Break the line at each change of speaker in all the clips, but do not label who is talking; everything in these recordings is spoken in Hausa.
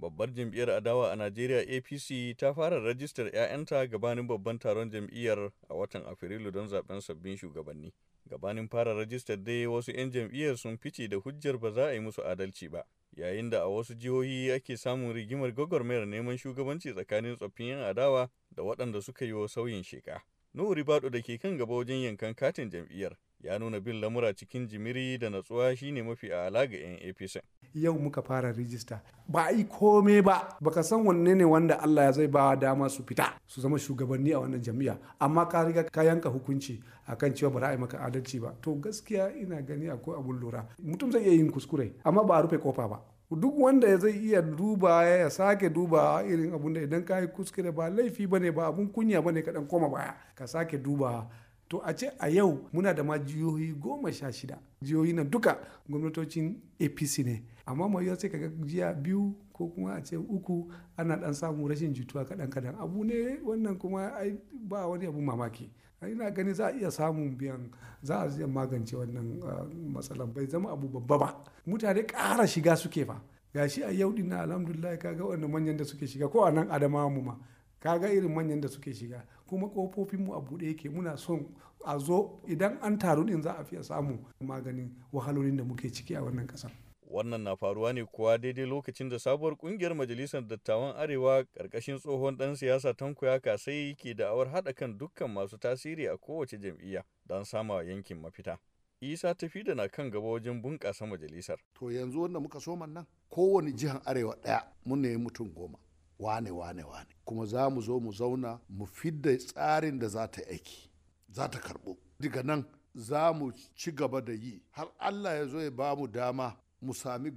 Babbar jam'iyyar adawa a Najeriya APC ta fara rajistar 'ya'yanta gabanin babban taron jam'iyyar a watan Afrilu don zaben sabbin shugabanni. Gabanin fara rajistar dai wasu 'yan jam'iyyar sun fice da hujjar ba za a yi musu adalci ba. Yayin da a wasu jihohi ake samun rigimar gwagwarmayar neman shugabanci tsakanin tsoffin 'yan adawa da waɗanda suka yi wa sauyin sheka. Nuhu Ribadu da ke kan gaba wajen yankan katin jam'iyyar ya nuna bin lamura cikin jimiri da natsuwa shine mafi ala ga 'yan apc
yau muka fara rijista ba a yi kome ba baka san wanne ne wanda allah ya zai ba dama su fita su zama shugabanni a wannan jami'a amma ka riga ka yanka hukunci akan cewa ba za a yi maka adalci ba to gaskiya ina gani akwai abun lura mutum zai iya yin kuskure amma ba a rufe kofa ba duk wanda zai iya duba ya sake duba irin abun da idan ka yi kuskure ba laifi ba ne ba abun kunya ne ka dan koma baya ka sake duba to a ce a yau muna da ma jihohi goma sha shida jihohi na duka gwamnatocin apc ne amma mai yau sai kaga jiya biyu ko kuma a ce uku ana dan samun rashin jituwa kadan kadan abu ne wannan kuma ai ba wani abu mamaki ina gani za a iya samun biyan za a iya magance wannan ah, matsalan. bai zama abu babba ba mutane ƙara shiga suke fa gashi a yau din alhamdulillah kaga wannan manyan da suke shiga ko a nan adamawa mu ma ka ga irin manyan da suke shiga kuma kofofinmu a buɗe yake muna son a zo idan an taru ɗin za a fiye samu maganin wahalolin da muke ciki a wannan ƙasar.
wannan na faruwa ne kuwa daidai lokacin da sabuwar kungiyar majalisar dattawan arewa karkashin tsohon dan siyasa ya kasai ke da'awar haɗa kan dukkan masu tasiri a kowace jam'iyya don sama yankin mafita isa tafi da na kan gaba wajen bunƙasa majalisar to yanzu wanda muka
soman nan kowane jihar arewa ɗaya mun ne mutum goma wane wane wane kuma za mu zo mu zauna mu fidda tsarin da za ta aiki za ta karɓo daga nan za mu ci gaba da yi har allah ya zo ya ba mu dama mu sami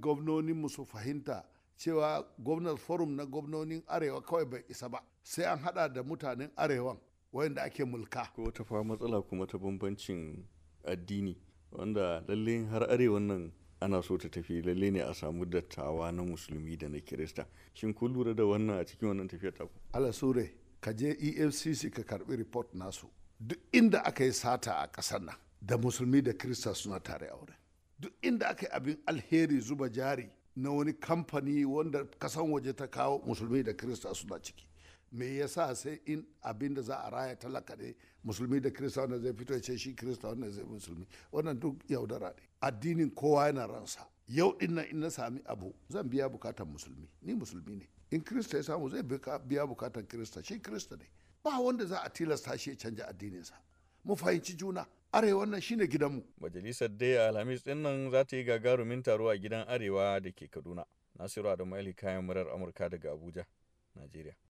mu su fahimta cewa gwamnar forum na gwamnonin arewa kawai bai isa ba sai an hada da mutanen arewan
wayanda ake mulka ko ta fa matsala kuma ta bambancin addini wanda lallai har arewan nan ana so ta tafi lalle ne a samu dattawa na musulmi da na kirista shin kun lura da wannan a cikin wannan tafiyar taku
ala sure ka je efcc ka karbi report nasu duk inda aka yi sata a ƙasar nan da musulmi da kirista suna tare a wurin duk inda aka yi abin alheri zuba jari na wani kamfani wanda kasan waje ta kawo musulmi da kirista suna ciki me yasa sai in abin da za a raya talaka ne musulmi da kirista wanda zai fito ya ce shi kirista wanda zai musulmi wannan duk yaudara ne addinin kowa yana ransa yau din nan in na sami abu zan biya bukatan musulmi ni musulmi ne in kirista ya samu zai biya bukatan kirista shi kirista ne ba wanda za a tilasta
shi ya canja addininsa
mu fahimci juna
arewa nan shine gidanmu majalisar dai alhamis din nan za ta yi gagarumin taro a gidan arewa da ke kaduna nasiru adamu kayan murar amurka daga abuja najeriya